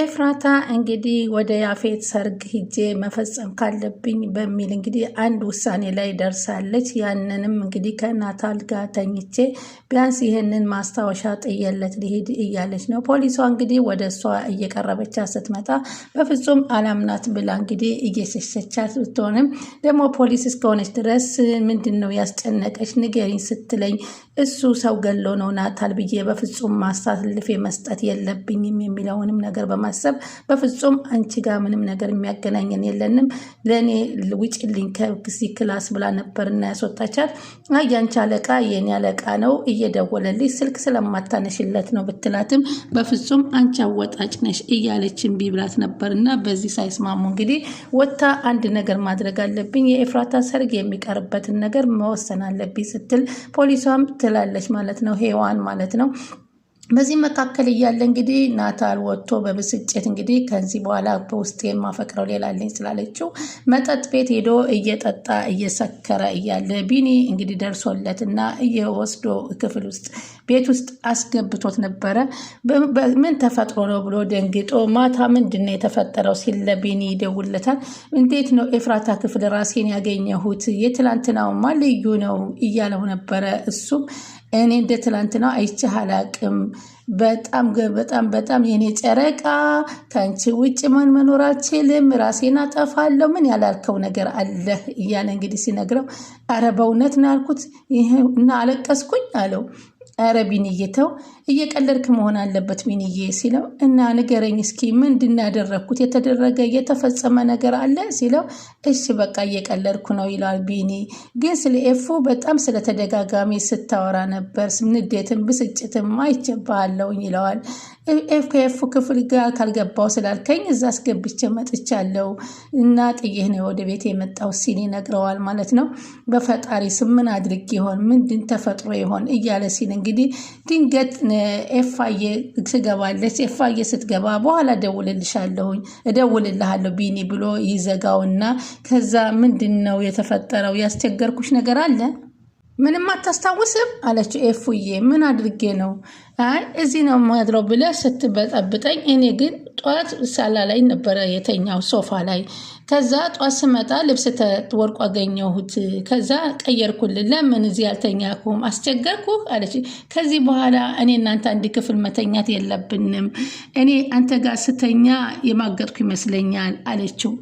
ኤፍራታ እንግዲህ ወደ ያፌት ሰርግ ሂጄ መፈጸም ካለብኝ በሚል እንግዲህ አንድ ውሳኔ ላይ ደርሳለች። ያንንም እንግዲህ ከናታል ጋር ተኝቼ ቢያንስ ይህንን ማስታወሻ ጥየለት ሊሄድ እያለች ነው። ፖሊሷ እንግዲህ ወደ እሷ እየቀረበቻ ስትመጣ በፍጹም አላምናት ብላ እንግዲህ እየሸሸቻት ብትሆንም ደግሞ ፖሊስ እስከሆነች ድረስ ምንድን ነው ያስጨነቀች ንገሪኝ ስትለኝ እሱ ሰው ገሎ ነው ናታል ብዬ በፍጹም ማሳልፌ መስጠት የለብኝም የሚለውንም ነገር በማሰብ በፍጹም አንቺ ጋር ምንም ነገር የሚያገናኘን የለንም፣ ለእኔ ውጭልኝ ከዚህ ክላስ ብላ ነበርና ያስወጣቻት። አያንቺ አለቃ የኔ አለቃ ነው እየደወለልኝ ስልክ ስለማታነሽለት ነው ብትላትም በፍጹም አንቺ አወጣጭ ነሽ እያለች እምቢ ብላት ነበርና በዚህ ሳይስማሙ እንግዲህ ወታ አንድ ነገር ማድረግ አለብኝ የኤፍራታ ሰርግ የሚቀርበትን ነገር መወሰን አለብኝ ስትል ፖሊሷም ትላለች ማለት ነው ሄዋን ማለት ነው። በዚህ መካከል እያለ እንግዲህ ናታል ወጥቶ በብስጭት እንግዲህ ከዚህ በኋላ በውስጥ የማፈቅረው ሌላ አለኝ ስላለችው መጠጥ ቤት ሄዶ እየጠጣ እየሰከረ እያለ ቢኒ እንግዲህ ደርሶለት እና እየወስዶ ክፍል ውስጥ ቤት ውስጥ አስገብቶት ነበረ። ምን ተፈጥሮ ነው ብሎ ደንግጦ ማታ ምንድን ነው የተፈጠረው ሲል ለቢኒ ይደውለታል። እንዴት ነው ኤፍራታ ክፍል ራሴን ያገኘሁት የትላንትናውማ ልዩ ነው እያለው ነበረ እሱም እኔ እንደ ትላንትናው አይቼህ አላቅም። በጣም በጣም በጣም የኔ ጨረቃ ከአንቺ ውጭ ማን መኖር አልችልም፣ ራሴን አጠፋለሁ። ምን ያላልከው ነገር አለ እያለ እንግዲህ ሲነግረው፣ ኧረ በእውነት ነው ያልኩት እና አለቀስኩኝ አለው። አረ ቢንዬ ተው እየቀለድክ መሆን አለበት ቢንዬ ሲለው፣ እና ንገረኝ እስኪ ምንድን ያደረግኩት የተደረገ የተፈጸመ ነገር አለ ሲለው፣ እሺ በቃ እየቀለድኩ ነው ይለዋል። ቢኒ ግን ስለ ኤፉ በጣም ስለተደጋጋሚ ስታወራ ነበር፣ ንዴትም ብስጭትም አይቼብሃለሁ ይለዋል። ኤፍኤፍ ክፍል ጋር ካልገባው ስላልከኝ እዛ አስገብቼ መጥቻለሁ እና ጥዬህ ነው ወደ ቤት የመጣው ሲል ይነግረዋል ማለት ነው። በፈጣሪ ስም ምን አድርግ ይሆን ምንድን ተፈጥሮ ይሆን እያለ ሲል እንግዲህ ድንገት ኤፋዬ ትገባለች። ኤፋዬ ስትገባ በኋላ እደውልልሻለሁኝ እደውልልሃለሁ ቢኒ ብሎ ይዘጋውና ከዛ ምንድን ነው የተፈጠረው ያስቸገርኩሽ ነገር አለ ምንም አታስታውስም አለችው። ኤፉዬ ምን አድርጌ ነው? አይ እዚህ ነው ማድረው ብለ ስትበጠብጠኝ፣ እኔ ግን ጠዋት ሳላ ላይ ነበረ የተኛው ሶፋ ላይ። ከዛ ጧት ስመጣ ልብስ ተወርቆ አገኘሁት። ከዛ ቀየርኩልን። ለምን እዚህ አልተኛኩም? አስቸገርኩ አለች። ከዚህ በኋላ እኔ እናንተ አንድ ክፍል መተኛት የለብንም። እኔ አንተ ጋር ስተኛ የማገጥኩ ይመስለኛል አለችው።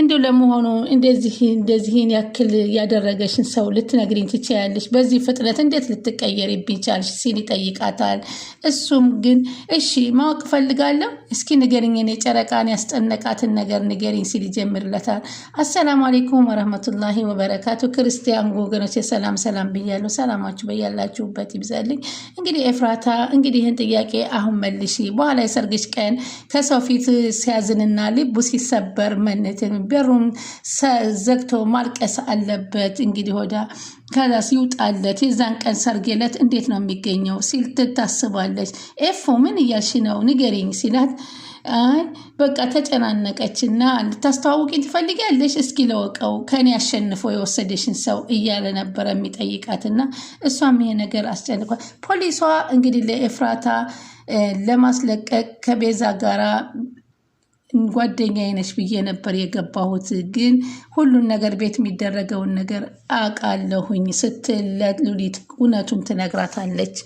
እንዲሁ ለመሆኑ እንደዚህ እንደዚህን ያክል ያደረገሽን ሰው ልትነግሪኝ ትችያለሽ? በዚህ ፍጥነት እንዴት ልትቀየር ይቢቻልሽ? ሲል ይጠይቃታል። እሱም ግን እሺ ማወቅ እፈልጋለሁ፣ እስኪ ንገርኝ፣ እኔ ጨረቃን ያስጠነቃትን ነገር ንገሪኝ ሲል ይጀምርለታል። አሰላሙ አሌይኩም ወረህመቱላሂ ወበረካቱ። ክርስቲያን ወገኖች ሰላም ሰላም ብያለሁ። ሰላማችሁ በያላችሁበት ይብዛልኝ። እንግዲህ ኤፍራታ እንግዲህ ይህን ጥያቄ አሁን መልሺ፣ በኋላ የሰርግሽ ቀን ከሰው ፊት ሲያዝንና ልቡ ሲሰበር መነትን በሩም ዘግቶ ማልቀስ አለበት። እንግዲህ ወዳ ከዛ ሲውጣለት የዛን ቀን ሰርጌለት እንዴት ነው የሚገኘው ሲል ትታስባለች። ኤፎ ምን እያልሽ ነው ንገሪኝ ሲላት አይ በቃ ተጨናነቀች እና ልታስተዋውቂኝ ትፈልጊያለሽ? እስኪ ለወቀው ከኔ አሸንፎ የወሰደሽን ሰው እያለ ነበረ የሚጠይቃት የሚጠይቃትና እሷም ይሄ ነገር አስጨንቋል። ፖሊሷ እንግዲህ ለኤፍራታ ለማስለቀቅ ከቤዛ ጋራ ጓደኛዬ ነች ብዬ ነበር የገባሁት፣ ግን ሁሉን ነገር ቤት የሚደረገውን ነገር አውቃለሁኝ ስትል ሉሊት እውነቱን ትነግራታለች።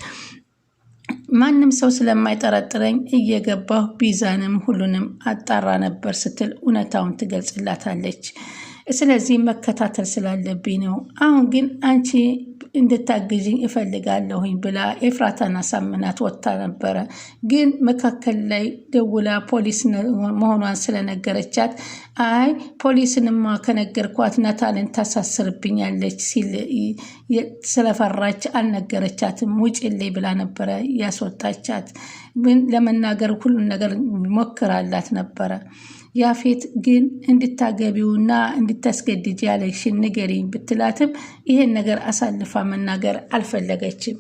ማንም ሰው ስለማይጠረጥረኝ እየገባሁ ቢዛንም ሁሉንም አጣራ ነበር ስትል እውነታውን ትገልጽላታለች። ስለዚህ መከታተል ስላለብኝ ነው። አሁን ግን አንቺ እንድታግዥኝ እፈልጋለሁኝ ብላ ኤፍራታን አሳምናት ወጥታ ነበረ። ግን መካከል ላይ ደውላ ፖሊስ መሆኗን ስለነገረቻት አይ ፖሊስንማ ከነገርኳት ነታንን ታሳስርብኛለች ሲል ስለፈራች አልነገረቻትም። ውጭልኝ ብላ ነበረ ያስወጣቻት። ግን ለመናገር ሁሉን ነገር ሞክራላት ነበረ። ያፌት ግን እንድታገቢውና እንድታስገድጅ ያለሽን ንገሪኝ ብትላትም ይሄን ነገር አሳልፋ መናገር አልፈለገችም።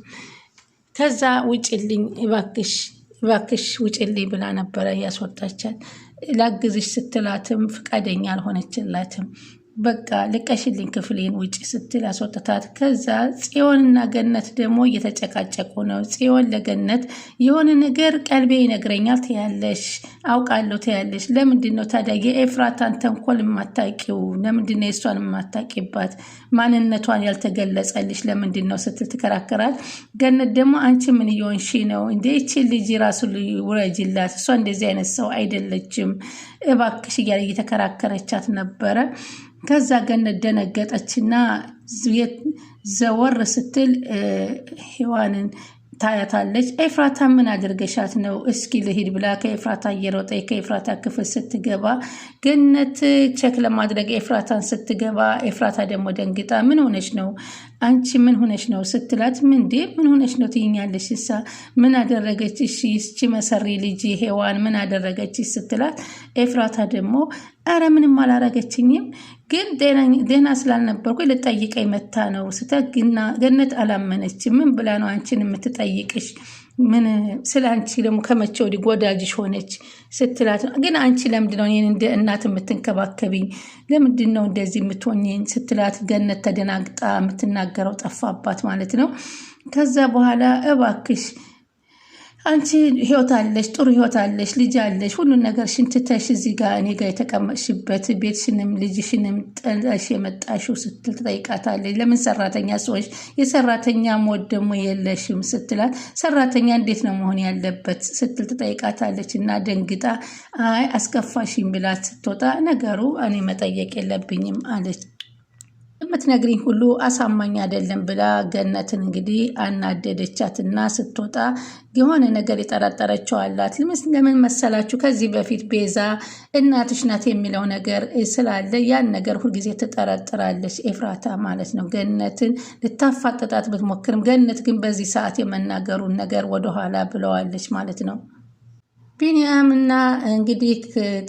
ከዛ ውጭልኝ እባክሽ እባክሽ ውጭልኝ ብላ ነበረ ያስወጣቻት። ላግዝሽ ስትላትም ፍቃደኛ አልሆነችላትም። በቃ ልቀሽልኝ ክፍሌን ውጭ ስትል አስወጥታት። ከዛ ጽዮንና ገነት ደግሞ እየተጨቃጨቁ ነው። ጽዮን ለገነት የሆነ ነገር ቀልቤ ይነግረኛል ትያለሽ፣ አውቃለሁ ትያለሽ። ለምንድን ነው ታዲያ የኤፍራታን ተንኮል የማታቂው? ለምንድን ነው የእሷን የማታቂባት? ማንነቷን ያልተገለጸልሽ ለምንድን ነው ስትል ትከራከራል። ገነት ደግሞ አንቺ ምን እየሆንሽ ነው እንዴ? ይቺ ልጅ ራሱ ውረጅላት፣ እሷ እንደዚህ አይነት ሰው አይደለችም፣ እባክሽ እያለ እየተከራከረቻት ነበረ ከዛ ገነት ደነገጠችና ዘወር ስትል ሔዋንን ታያታለች። ኤፍራታ ምን አድርገሻት ነው? እስኪ ልሂድ ብላ ከኤፍራታ እየሮጠ ከኤፍራታ ክፍል ስትገባ ገነት ቸክ ለማድረግ ኤፍራታን ስትገባ ኤፍራታ ደግሞ ደንግጣ ምን ሆነች ነው አንቺ ምን ሆነሽ ነው ስትላት፣ ምንዴ ምን ሆነሽ ነው ትይኛለሽ? እሳ ምን እሺ እስቺ መሰሪ ልጅ ሄዋን ምን አደረገች ስትላት ኤፍራታ ደግሞ አረ ምንም አላረገችኝም፣ ግን ጤና ስላልነበርኩ ልጠይቀኝ መታ ነው ስተ ገነት አላመነች። ምን ብላ ነው አንቺን የምትጠይቅሽ? ምን ስለ አንቺ ደግሞ ከመቼ ወዲህ ወዳጅሽ ሆነች ስትላት፣ ግን አንቺ ለምንድነው ነው እኔን እንደ እናት የምትንከባከቢኝ? ለምንድን ነው እንደዚህ የምትሆኝን? ስትላት ገነት ተደናግጣ የምትናገረው ጠፋባት ማለት ነው። ከዛ በኋላ እባክሽ አንቺ ህይወት አለሽ፣ ጥሩ ህይወት አለሽ፣ ልጅ አለሽ፣ ሁሉን ነገር ሽንትተሽ እዚህ ጋር እኔ ጋር የተቀመጥሽበት ቤትሽንም ልጅሽንም ጠላሽ የመጣሽው ስትል ትጠይቃታለች። ለምን ሰራተኛ ሰዎች የሰራተኛ ሞት ደግሞ የለሽም ስትላት፣ ሰራተኛ እንዴት ነው መሆን ያለበት ስትል ትጠይቃታለች። እና ደንግጣ አይ አስከፋሽም ብላት ስትወጣ ነገሩ እኔ መጠየቅ የለብኝም አለች። የምትነግሪኝ ሁሉ አሳማኝ አይደለም ብላ ገነትን እንግዲህ አናደደቻትና ስትወጣ የሆነ ነገር የጠረጠረችው አላት። ለምን መሰላችሁ? ከዚህ በፊት ቤዛ እናትሽ ናት የሚለው ነገር ስላለ ያን ነገር ሁልጊዜ ትጠረጥራለች ኤፍራታ ማለት ነው። ገነትን ልታፋጠጣት ብትሞክርም ገነት ግን በዚህ ሰዓት የመናገሩን ነገር ወደኋላ ብለዋለች ማለት ነው። ቢንያም እና እንግዲህ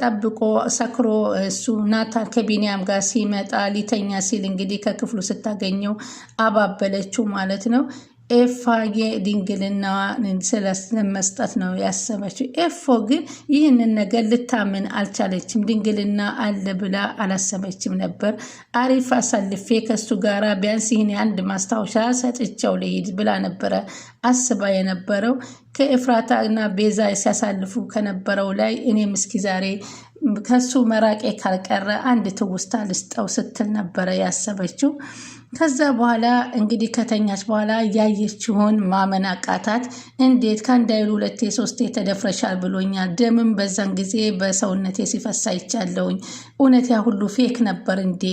ጠብቆ ሰክሮ እሱ ናታ ከቢንያም ጋር ሲመጣ ሊተኛ ሲል እንግዲህ ከክፍሉ ስታገኘው አባበለችው ማለት ነው። ኤፋዬ ድንግልናዋን ስለመስጠት ነው ያሰበችው። ኤፎ ግን ይህንን ነገር ልታምን አልቻለችም። ድንግልና አለ ብላ አላሰበችም ነበር። አሪፍ አሳልፌ ከሱ ጋር ቢያንስ ይህን አንድ ማስታወሻ ሰጥቸው ልሂድ ብላ ነበረ አስባ የነበረው ከኤፍራታ እና ቤዛ ሲያሳልፉ ከነበረው ላይ እኔም እስኪ ዛሬ ከሱ መራቄ ካልቀረ አንድ ትውስታ ልስጠው ስትል ነበረ ያሰበችው። ከዛ በኋላ እንግዲህ ከተኛች በኋላ ያየችውን ማመን አቃታት። እንዴት ከአንድ አይሉ ሁለቴ ሶስቴ ተደፍረሻል ብሎኛል። ደምም በዛን ጊዜ በሰውነቴ ሲፈሳ ይቻለውኝ። እውነት ያ ሁሉ ፌክ ነበር እንዴ?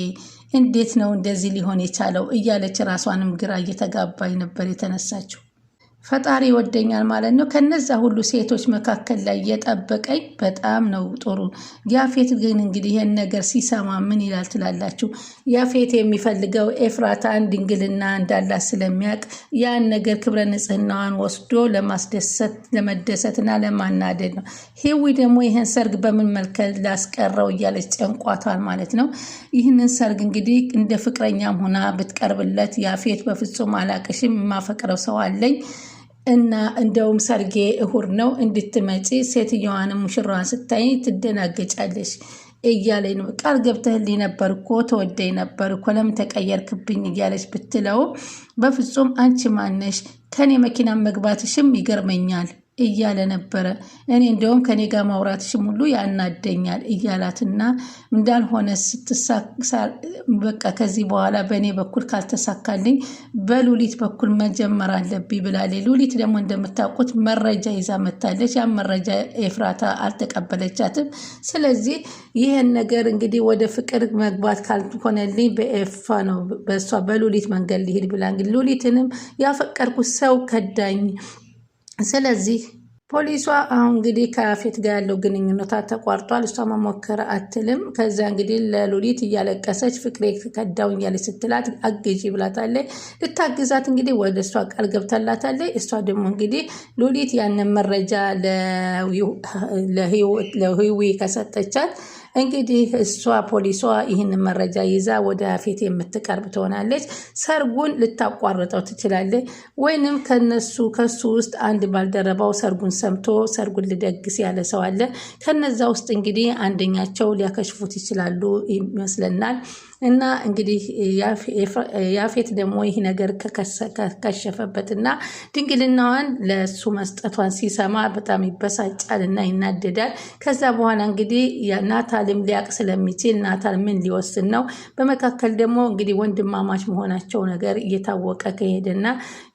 እንዴት ነው እንደዚህ ሊሆን የቻለው? እያለች ራሷንም ግራ እየተጋባኝ ነበር የተነሳችው። ፈጣሪ ይወደኛል ማለት ነው። ከነዛ ሁሉ ሴቶች መካከል ላይ የጠበቀኝ በጣም ነው ጥሩ። ያፌት ግን እንግዲህ ይህን ነገር ሲሰማ ምን ይላል ትላላችሁ? ያፌት የሚፈልገው ኤፍራታን ድንግልና እንዳላት ስለሚያውቅ ያን ነገር ክብረ ንጽህናዋን ወስዶ ለማስደሰት ለመደሰትና ለማናደድ ነው። ሄዊ ደግሞ ይህን ሰርግ በምን መልከል ላስቀረው እያለች ጨንቋታል ማለት ነው። ይህንን ሰርግ እንግዲህ እንደ ፍቅረኛም ሆና ብትቀርብለት ያፌት በፍጹም አላቅሽም፣ የማፈቅረው ሰው አለኝ እና እንደውም ሰርጌ እሁድ ነው እንድትመጪ ሴትየዋን ሙሽራዋን ስታይ ትደናገጫለሽ እያለኝ ነው። ቃል ገብተህልኝ ነበር እኮ ተወደኝ ነበር እኮ ለምን ተቀየርክብኝ? እያለች ብትለው በፍጹም አንቺ ማነሽ ከኔ መኪና መግባትሽም ይገርመኛል እያለ ነበረ። እኔ እንደውም ከኔ ጋር ማውራትሽ ሙሉ ያናደኛል እያላትና እንዳልሆነ በቃ ከዚህ በኋላ በእኔ በኩል ካልተሳካልኝ በሉሊት በኩል መጀመር አለብኝ ብላለች። ሉሊት ደግሞ እንደምታውቁት መረጃ ይዛ መታለች። ያን መረጃ ኤፍራታ አልተቀበለቻትም። ስለዚህ ይህን ነገር እንግዲህ ወደ ፍቅር መግባት ካልሆነልኝ በኤፋ ነው በእሷ በሉሊት መንገድ ሊሄድ ብላ እንግዲህ ሉሊትንም ያፈቀርኩት ሰው ከዳኝ ስለዚህ ፖሊሷ አሁን እንግዲህ ከያፌት ጋር ያለው ግንኙነት ተቋርጧል። እሷ መሞከር አትልም። ከዚያ እንግዲህ ለሉሊት እያለቀሰች ፍቅሬ ከዳውኝ እያለች ስትላት አግዢ ብላታለች። ልታግዛት እንግዲህ ወደ እሷ ቃል ገብታላታለች። እሷ ደግሞ እንግዲህ ሉሊት ያንን መረጃ ለህዊ ከሰጠቻት እንግዲህ እሷ ፖሊሷ ይህንን መረጃ ይዛ ወደ ፊት የምትቀርብ ትሆናለች። ሰርጉን ልታቋርጠው ትችላለች። ወይንም ከነሱ ከሱ ውስጥ አንድ ባልደረባው ሰርጉን ሰምቶ ሰርጉን ልደግስ ያለ ሰው አለ። ከነዛ ውስጥ እንግዲህ አንደኛቸው ሊያከሽፉት ይችላሉ ይመስለናል። እና እንግዲህ ያፌት ደግሞ ይህ ነገር እና ድንግልናዋን ለእሱ መስጠቷን ሲሰማ በጣም ይበሳጫል እና ይናደዳል። ከዛ በኋላ እንግዲህ ናታልም ሊያቅ ስለሚችል ናታል ምን ሊወስን ነው? በመካከል ደግሞ እንግዲህ ወንድማማች መሆናቸው ነገር እየታወቀ ከሄደና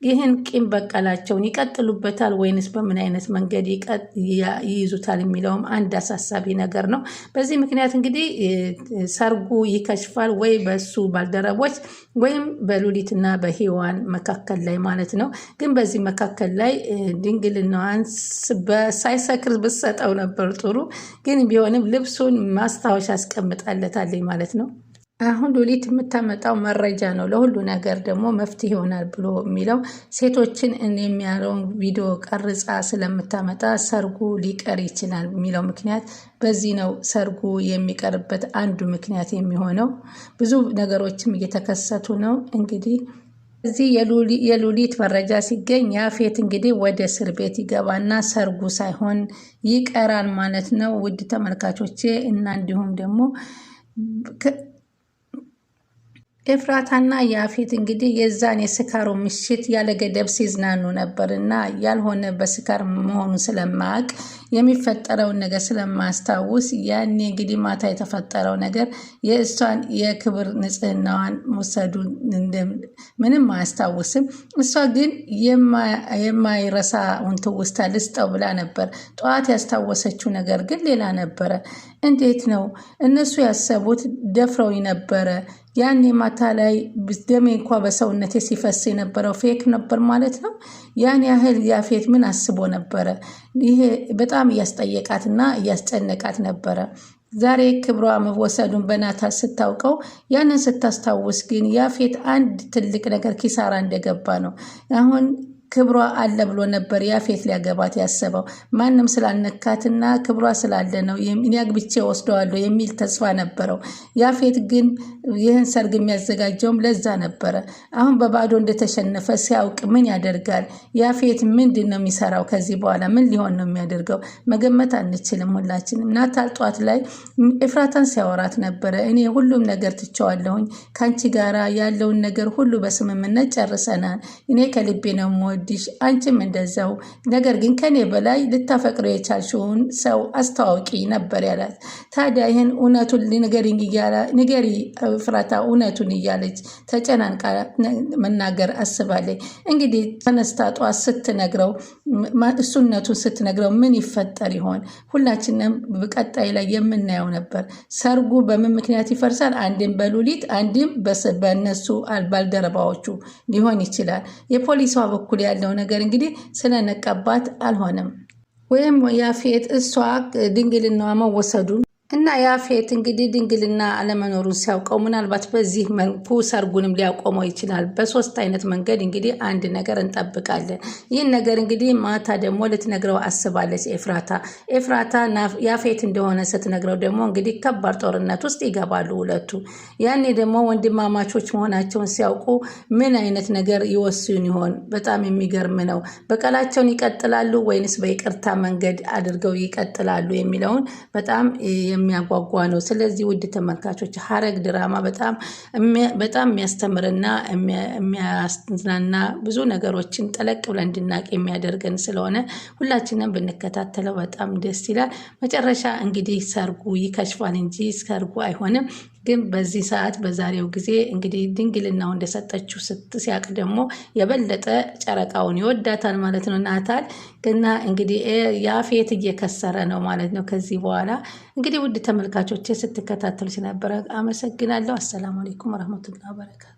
ይህን ቂም በቀላቸውን ይቀጥሉበታል ወይንስ በምን አይነት መንገድ ይይዙታል የሚለውም አንድ አሳሳቢ ነገር ነው። በዚህ ምክንያት እንግዲህ ሰርጉ ይከሽፋል ወይ በሱ ባልደረቦች ወይም በሉሊትና በሔዋን መካከል ላይ ማለት ነው። ግን በዚህ መካከል ላይ ድንግልናዋን ሳይሰክር ብሰጠው ነበር ጥሩ። ግን ቢሆንም ልብሱን ማስታወሻ አስቀምጣለታለኝ ማለት ነው። አሁን ሉሊት የምታመጣው መረጃ ነው ለሁሉ ነገር ደግሞ መፍትሄ ይሆናል ብሎ የሚለው ሴቶችን የሚያለውን ቪዲዮ ቀርጻ ስለምታመጣ ሰርጉ ሊቀር ይችላል የሚለው ምክንያት በዚህ ነው። ሰርጉ የሚቀርበት አንዱ ምክንያት የሚሆነው ብዙ ነገሮችም እየተከሰቱ ነው። እንግዲህ እዚህ የሉሊት መረጃ ሲገኝ ያፌት እንግዲህ ወደ እስር ቤት ይገባና ሰርጉ ሳይሆን ይቀራል ማለት ነው። ውድ ተመልካቾቼ እና እንዲሁም ደግሞ ኤፍራታና ያፌት እንግዲህ የዛን የስካሩ ምሽት ያለ ገደብ ሲዝናኑ ነበር እና ያልሆነ በስካር መሆኑ ስለማያውቅ የሚፈጠረውን ነገር ስለማያስታውስ ያኔ እንግዲህ ማታ የተፈጠረው ነገር የእሷን የክብር ንጽህናዋን መውሰዱን ምንም አያስታውስም። እሷ ግን የማይረሳውን ትውስታ ልስጠው ብላ ነበር። ጠዋት ያስታወሰችው ነገር ግን ሌላ ነበረ። እንዴት ነው እነሱ ያሰቡት? ደፍረው ነበረ ያኔ ማታ ላይ ደሜ እንኳ በሰውነቴ ሲፈስ የነበረው ፌክ ነበር ማለት ነው። ያን ያህል ያፌት ምን አስቦ ነበረ? ይሄ በጣም እያስጠየቃትና እያስጨነቃት ነበረ። ዛሬ ክብሯ መወሰዱን በናታ ስታውቀው ያንን ስታስታውስ ግን ያፌት አንድ ትልቅ ነገር ኪሳራ እንደገባ ነው አሁን ክብሯ አለ ብሎ ነበር ያፌት ሊያገባት ያሰበው። ማንም ስላልነካትና ክብሯ ስላለ ነው እኔ አግብቼ ወስደዋለሁ የሚል ተስፋ ነበረው። ያፌት ግን ይህን ሰርግ የሚያዘጋጀውም ለዛ ነበረ። አሁን በባዶ እንደተሸነፈ ሲያውቅ ምን ያደርጋል? ያፌት ምንድን ነው የሚሰራው? ከዚህ በኋላ ምን ሊሆን ነው የሚያደርገው? መገመት አንችልም ሁላችንም። ናታል ጧት ላይ ኤፍራታን ሲያወራት ነበረ። እኔ ሁሉም ነገር ትቸዋለሁኝ፣ ከአንቺ ጋራ ያለውን ነገር ሁሉ በስምምነት ጨርሰናል። እኔ ከልቤ ነው እንደምወድሽ አንቺም እንደዛው፣ ነገር ግን ከኔ በላይ ልታፈቅሮ የቻልሽውን ሰው አስተዋውቂ ነበር ያላት። ታዲያ ይህን እውነቱን ንገሪ ፍራታ እውነቱን እያለች ተጨናንቃ መናገር አስባለች። እንግዲህ ተነስታ ስትነግረው እሱነቱን ስትነግረው ምን ይፈጠር ይሆን? ሁላችንም በቀጣይ ላይ የምናየው ነበር። ሰርጉ በምን ምክንያት ይፈርሳል? አንድም በሉሊት አንድም በነሱ ባልደረባዎቹ ሊሆን ይችላል። የፖሊሷ በኩል ያለው ነገር እንግዲህ ስለነቀባት አልሆነም። ወይም ያፌት እሷ ድንግልናዋ መወሰዱን እና ያፌት እንግዲህ ድንግልና አለመኖሩን ሲያውቀው ምናልባት በዚህ መልኩ ሰርጉንም ሊያቆመው ይችላል። በሶስት አይነት መንገድ እንግዲህ አንድ ነገር እንጠብቃለን። ይህን ነገር እንግዲህ ማታ ደግሞ ልትነግረው አስባለች ኤፍራታ። ኤፍራታ ያፌት እንደሆነ ስትነግረው ደግሞ እንግዲህ ከባድ ጦርነት ውስጥ ይገባሉ ሁለቱ። ያኔ ደግሞ ወንድማማቾች መሆናቸውን ሲያውቁ ምን አይነት ነገር ይወስን ይሆን? በጣም የሚገርም ነው። በቀላቸውን ይቀጥላሉ ወይንስ በይቅርታ መንገድ አድርገው ይቀጥላሉ የሚለውን በጣም የሚያጓጓ ነው። ስለዚህ ውድ ተመልካቾች ሐረግ ድራማ በጣም የሚያስተምርና የሚያስናና ብዙ ነገሮችን ጠለቅ ብለን እንድናቅ የሚያደርገን ስለሆነ ሁላችንም ብንከታተለው በጣም ደስ ይላል። መጨረሻ እንግዲህ ሰርጉ ይከሽፋል እንጂ ሰርጉ አይሆንም። ግን በዚህ ሰዓት በዛሬው ጊዜ እንግዲህ ድንግልናው እንደሰጠችው ስት ሲያቅ ደግሞ የበለጠ ጨረቃውን ይወዳታል ማለት ነው ናታል ግና እንግዲህ ያፌት እየከሰረ ነው ማለት ነው። ከዚህ በኋላ እንግዲህ ውድ ተመልካቾቼ ስትከታተሉ ሲነበረ አመሰግናለሁ። አሰላሙ አሌይኩም ረህመቱላ በረካቱ